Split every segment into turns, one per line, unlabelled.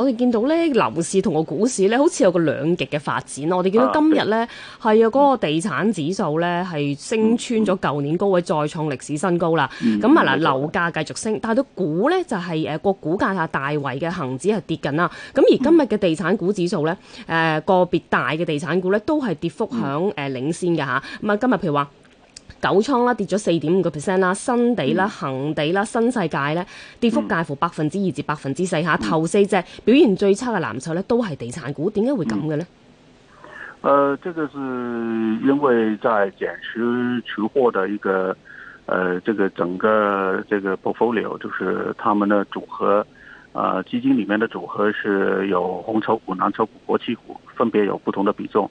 我哋見到咧，樓市同個股市咧，好似有個兩極嘅發展。我哋見到今日咧係啊，嗰、嗰個地產指數咧係升穿咗舊年高位，再創歷史新高啦。咁啊嗱，樓價繼續升，但係到股咧就係誒個股價下大圍嘅恒指係跌緊啦。咁而今日嘅地產股指數咧，誒、呃、個別大嘅地產股咧都係跌幅響誒、嗯呃、領先㗎。咁啊，今日譬如話。九倉啦，跌咗四點五個 percent 啦，新地啦、恒地啦、新世界咧，跌幅介乎百分之二至百分之四下，頭四隻表現最差嘅藍籌咧，都係地產股，點解會咁嘅呢？
呃，這個是因為在減持除貨的一個呃，這個整個這個 portfolio，就是他們的組合，誒、呃，基金裏面的組合是有紅籌股、藍籌股、國企股，分別有不同的比重。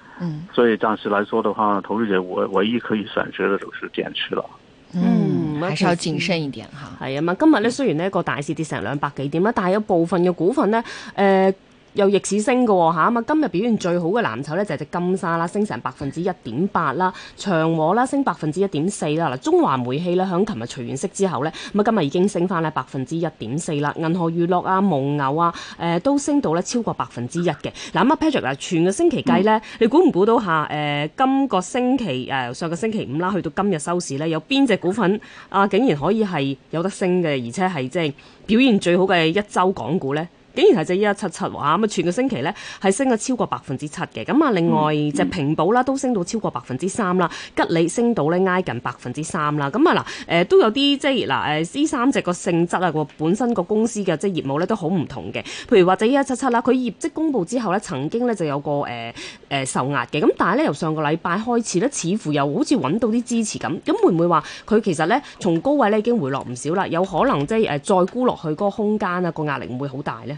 嗯，所以暫時來說的話，投資者我唯一可以選擇的就是減持了，嗯，
還是要謹慎一點哈。係、嗯、啊，嘛今日咧雖然咧個大市跌成兩百幾點啦、嗯，但係有部分嘅股份咧，誒、呃。又逆市升嘅喎。啊今日表現最好嘅藍籌咧，就係隻金沙啦，升成百分之一點八啦，長和啦，升百分之一點四啦。嗱，中華煤氣咧，響琴日除完息之後咧，咁啊今日已經升翻咧百分之一點四啦。銀河娛樂啊、蒙牛啊，誒都升到咧超過百分之一嘅。嗱 Patrick 全個星期計咧、嗯，你估唔估到下？誒、呃，今個星期、呃、上個星期五啦，去到今日收市咧，有邊隻股份啊，竟然可以係有得升嘅，而且係即係表現最好嘅一週港股咧？竟然係只一一七七話咁啊，全個星期咧係升咗超過百分之七嘅。咁啊，另外隻、嗯嗯、平保啦都升到超過百分之三啦，吉利升到咧挨近百分之三啦。咁啊嗱，誒都有啲即係嗱誒呢三隻個性質啊，個本身個公司嘅即係業務咧都好唔同嘅。譬如或者一一七七啦，佢業績公佈之後咧，曾經咧就有個誒誒受壓嘅。咁但係咧由上個禮拜開始咧，似乎又好似揾到啲支持咁。咁會唔會話佢其實咧從高位咧已經回落唔少啦？有可能即係誒再沽落去嗰個空間啊，個壓力唔會好大咧？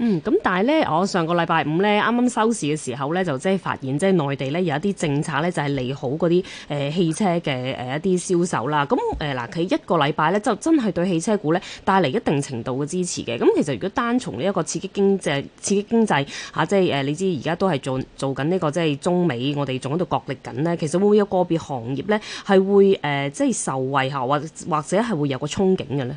嗯，咁但係咧，我上個禮拜五咧，啱啱收市嘅時候咧，就即係發現，即係內地咧有一啲政策咧，就係利好嗰啲、呃、汽車嘅一啲銷售啦。咁誒嗱，佢、呃、一個禮拜咧，就真係對汽車股咧帶嚟一定程度嘅支持嘅。咁其實如果單從呢一個刺激經濟、刺激經濟、啊、即係、呃、你知而家都係做做緊呢個即係中美我哋仲喺度角力緊咧，其實會唔會有個，個別行業咧係會、呃、即係受惠下，或或者係會有個憧憬嘅咧？